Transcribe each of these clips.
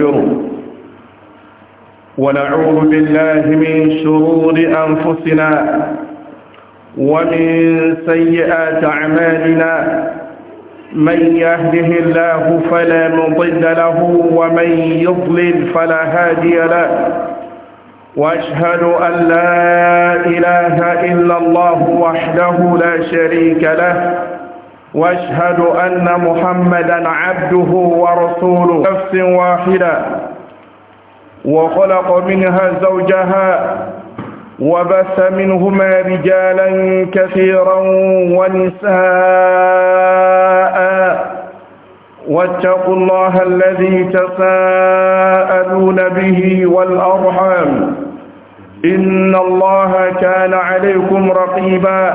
ونستغفره ونعوذ بالله من شرور أنفسنا ومن سيئات أعمالنا من يهده الله فلا مضل له ومن يضلل فلا هادي له واشهد ان لا اله الا الله وحده لا شريك له واشهد أن محمدا عبده ورسوله نفس واحدة وخلق منها زوجها وبث منهما رجالا كثيرا ونساء واتقوا الله الذي تساءلون به والأرحام إن الله كان عليكم رقيبا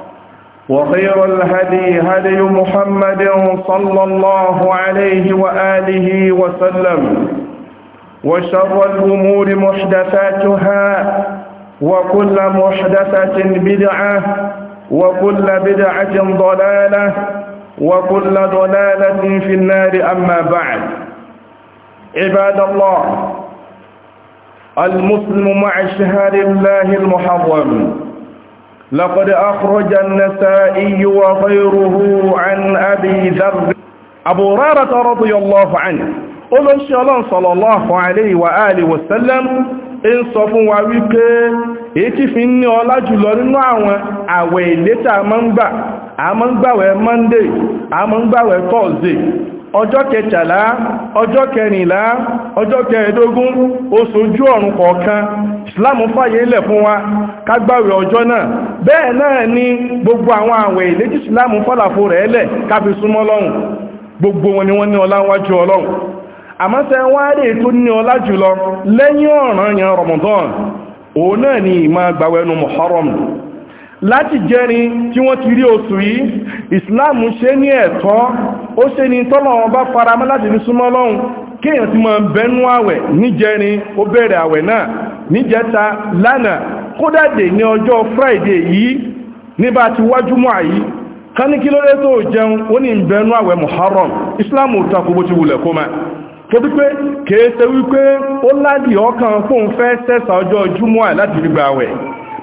وخير الهدي هدي محمد صلى الله عليه وآله وسلم وشر الأمور محدثاتها وكل محدثة بدعة وكل بدعة ضلالة وكل ضلالة في النار أما بعد عباد الله المسلم مع شهر الله المحرم لقد أخرج النسائي وغيره عن أبي ذر أبو هريرة رضي الله عنه قل إن شاء الله صلى الله عليه وآله وسلم ń sọ fún wa wípé èyí fi ń ní ọlá jùlọ nínú àwọn àwẹ̀ ìlétà a máa ń gbà a máa ń gbàwẹ̀ monday a máa ń gbàwẹ̀ thursday ọjọ́ kẹtàlá ọjọ́ kẹrìnlá ọjọ́ kẹẹ̀dógún oṣù ojú ọ̀run kọ̀ọ̀kan islam fàyè lẹ̀ fún wa ká gbàwẹ̀ ọjọ́ náà bẹ́ẹ̀ náà ni gbogbo àwọn àwẹ̀ ìléjì ìsìláàmù fọ́làfò rẹ̀ ẹlẹ̀ káfí súnmọ́ lọ́hùn gbogbo wọn ni wọ́n ní ọlá wájú ọlọ́hùn àmọ́sẹ̀ wọ́n á rè tó ní ọlá jùlọ lẹ́yìn ọ̀ràn yẹn Ramadan òun ni ìmá gbàwẹ̀nu Muharram láti jẹ́rin tí wọ́n ti rí oṣù yìí ìsìláàmù ṣe ní ẹ̀tọ́ ó ṣe ní tọ́lọ̀wọ́n bá faramọ́ láti ní súnmọ́ lọ́hùn kéèyàn ti máa bẹnu àwẹ̀ níjẹrin ó bẹ̀rẹ̀ àwẹ̀ náà níjẹta lánàá kódà dè ní ọjọ́ friday yìí níbà ti wájú mọ́ àyí ká ní kí ló rẹ́ tó jẹun ó ní ìbẹ̀nú àwẹ̀ muharram islam takò bó ti wulẹ̀ kó mẹ́ tó bí pé kèése wípé ó ládì ọkàn fóun fẹ́ sẹ́sà ọjọ́ júmọ́ à láti gbígba àwẹ̀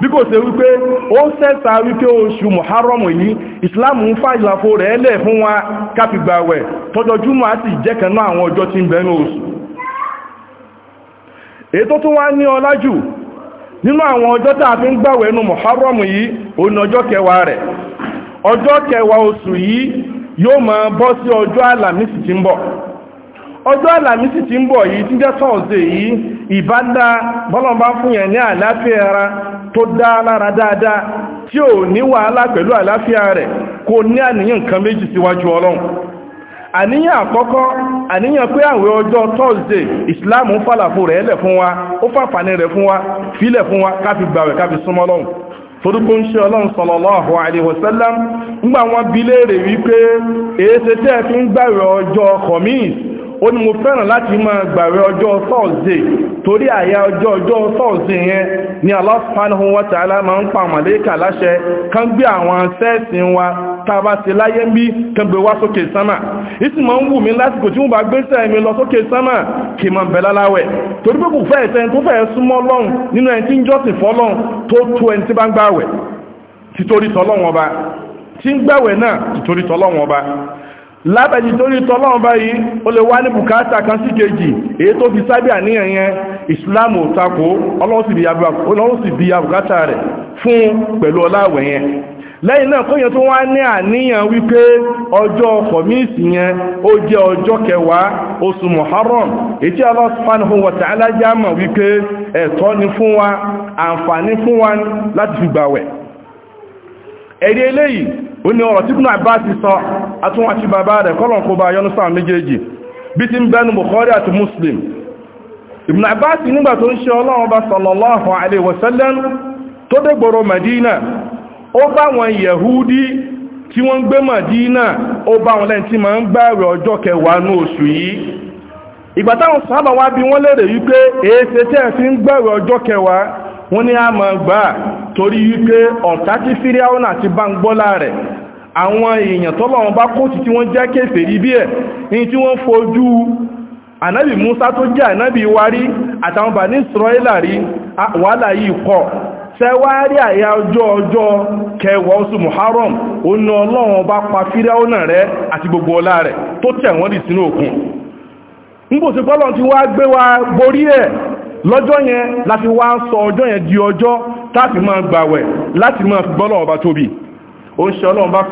bí kò ṣe wípé ó sẹ́sà wípé oṣù muharram yìí islam ń fàyàfó rẹ̀ lẹ̀ fún wa káfígbà àwẹ̀ tọjọ́ júmọ́ á sì jẹ́kànnà àwọn ọjọ́ tí ń bẹ̀nú oṣù ètò tó wá ní ọlájù nínú àwọn ọjọ́ tàà fi ń gbàwẹ̀ ẹnu Muharram yìí ní ọjọ́ kẹwàá rẹ̀ ọjọ́ kẹwàá oṣù yìí yóò máa bọ́ sí ọjọ́ àlàmísì tí ń bọ̀ ọjọ́ àlàmísì tí ń bọ̀ yìí tí jẹ́ sọ́ọ̀sẹ̀ yìí ìbádá bọ́lọ̀mbá fún yẹn ní ara tó dá lára dáadáa tí ò ní wàhálà àníyàn àkọ́kọ́ àníyàn pé àwẹ̀ ọjọ́ Thursday Islam ń fàlàfò rẹ̀ ẹlẹ̀ fún wa ó fàfàní rẹ̀ fún wa fílẹ̀ fún wa káfi gbàwẹ̀ káfi súnmọ́ Ọlọ́run torúkú ń ṣe Ọlọ́run sallallahu alaihi wasallam ńgbà wọn bi léèrè wípé èéṣe tẹ́ fi ń gbàwẹ̀ ọjọ́ Khamis ó ní mo fẹ́ràn láti máa gbàwẹ̀ ọjọ́ Thursday torí àyà ọjọ́ ọjọ́ Thursday yẹn ni Allah subhanahu wa ta'ala máa ń pa màlẹ́kà láṣẹ kán gbé àwọn sẹ́ẹ̀sìn wa tàbá sí láyé ń bí kẹgbẹ̀ wá sókè sánmà ìsì ma ń wù mí lásìkò tí wọ́n bá gbé sẹ́ẹ̀ mi lọ sókè sánmà kì ma bẹ̀lá láwẹ̀ torí pé kò fẹ́ ẹ̀sẹ̀ tó fẹ́ súnmọ́ lọ́n nínú ẹni tí ń jọ́sìn fọ́lọ́n tó tó ẹni tí bá ń gbàwẹ̀ títorí tọ́lọ́wọ́n ọba tí ń gbàwẹ̀ náà títorí tọ́lọ́wọ́n ọba lábẹ̀jì torí tọ́lọ́wọ́n ọba yìí ó lè wá ní bùkátà lẹ́yìn náà kóyàn tó wá ní àníyàn wípé ọjọ́ kọ̀míìsì yẹn ó jẹ́ ọjọ́ kẹwàá oṣù Muharram ètí Allah subhanahu wa wípé ẹ̀tọ́ ni fún wa àǹfààní fún wa láti fi gbàwẹ̀ ẹ̀rí eléyìí ó ní ọ̀rọ̀ tí sọ atúnwà bàbá rẹ̀ kọ́lọ̀n kó ó bá wọn yẹ̀húdí tí wọ́n ń gbé Mádínà ó bá wọn lẹ́yìn tí ma ń gbẹ̀rẹ̀ ọjọ́ kẹwàá ní oṣù yìí ìgbà sábà wá bí wọ́n lèrè wípé èéṣe tẹ́ fi ń gbẹ̀rẹ̀ ọjọ́ kẹwàá wọ́n ní a ma gbà torí wípé ọ̀tá bá ń gbọ́lá rẹ̀ àwọn èèyàn bá ti tí wọ́n jẹ́ Musa tó jẹ́ àtàwọn bà ní wàhálà sẹ́wárí àyà ọjọ́ ọjọ́ kẹwàá oṣù muharram oná ọlọ́run bá pa fíráúnà rẹ àti gbogbo ọlá rẹ tó tẹ̀ wọ́n dì sínú òkun nígbòsí pọ́lọ̀ ti wá gbé wa borí ẹ̀ lọ́jọ́ yẹn láti wá sọ ọjọ́ yẹn di ọjọ́ táti máa gbàwẹ̀ láti máa fi gbọ́lọ̀ ọba tóbi ó ń ṣe ọlọ́run bá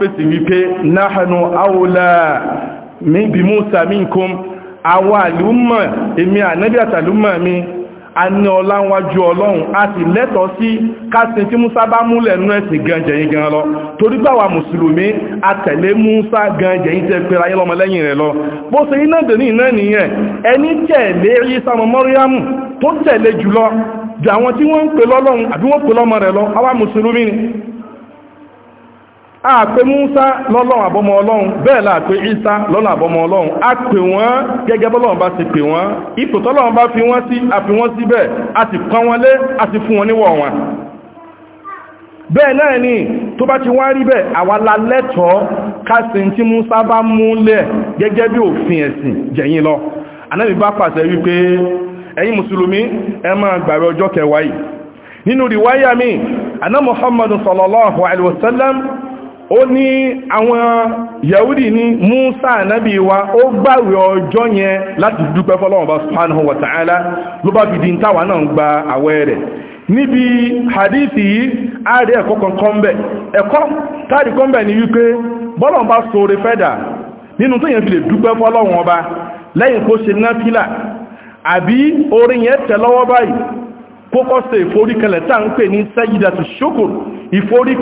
a ní ọlá wájú ọlọ́run a sì lẹ́tọ̀ọ́ sí kásin tí Musa bá múlẹ̀ nú ẹ̀sìn gan jẹ̀yìn gan lọ torí báwa mùsùlùmí a tẹ̀lé Musa gan jẹ̀yìn tẹ́ pẹ̀lú ayé lọ́mọlẹ́yìn rẹ̀ lọ bó ṣe iná dèní iná nìyẹn ẹni tẹ̀lé Isa ọmọ tó tẹ̀lé jùlọ àpè Musa lọ́lọ́run àbọ́mọ ọlọ́run bẹ́ẹ̀ láàpè Isa lọ́lọ́run àbọ́mọ ọlọ́run a pè wọ́n gẹ́gẹ́ bọ́lọ́run bá ti pè wọ́n ipò tọ́lọ́run bá fi wọ́n sí a fi wọ́n síbẹ̀ a ti pọ́n wọn lé a ti fún wọn níwọ̀ wọn bẹ́ẹ̀ náà ni tó bá ti wá rí bẹ́ẹ̀ àwàlá lẹ́tọ̀ọ́ kásì tí Musa bá múlẹ̀ gẹ́gẹ́ bí òfin ẹ̀sìn jẹ̀yìn lọ Ànábì bá pàṣẹ wípé ẹ̀yin mùsùlùmí ẹ máa gbààwẹ̀ ọjọ́ kẹwàá yìí nínú rìwáyà mi àná Muhammadu sallallahu alaihi wasallam ó ní àwọn yahudi ní musa anabi wa ó gbàwẹ̀ ọjọ́ yẹn láti dúpẹ́ fọ́lọ́wọ́n bá subhanahu ta'ala ló bá fi di ń táwà náà gba àwẹ̀ rẹ̀ níbi hadithi yìí a rí ẹ̀kọ́ kankan ẹ̀kọ́ ni wípé bọ́lọ̀n sóre fẹ́dà nínú tó yẹn fi lè dúpẹ́ fọ́lọ́wọ́n lẹ́yìn kó ṣe náfílà àbí orin yẹn tẹ̀ lọ́wọ́ ìforíkẹlẹ̀ tá